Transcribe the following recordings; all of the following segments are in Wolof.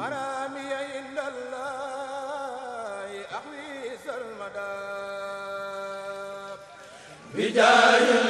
مرامي إلا الله أحوي سرمدا بجاه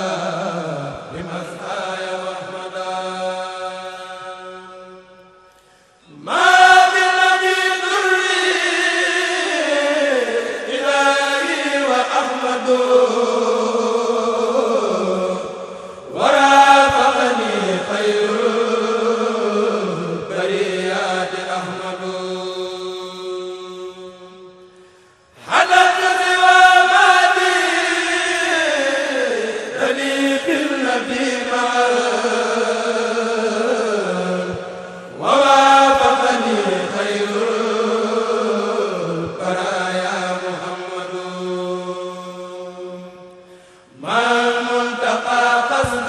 Abdou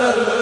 la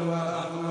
والورى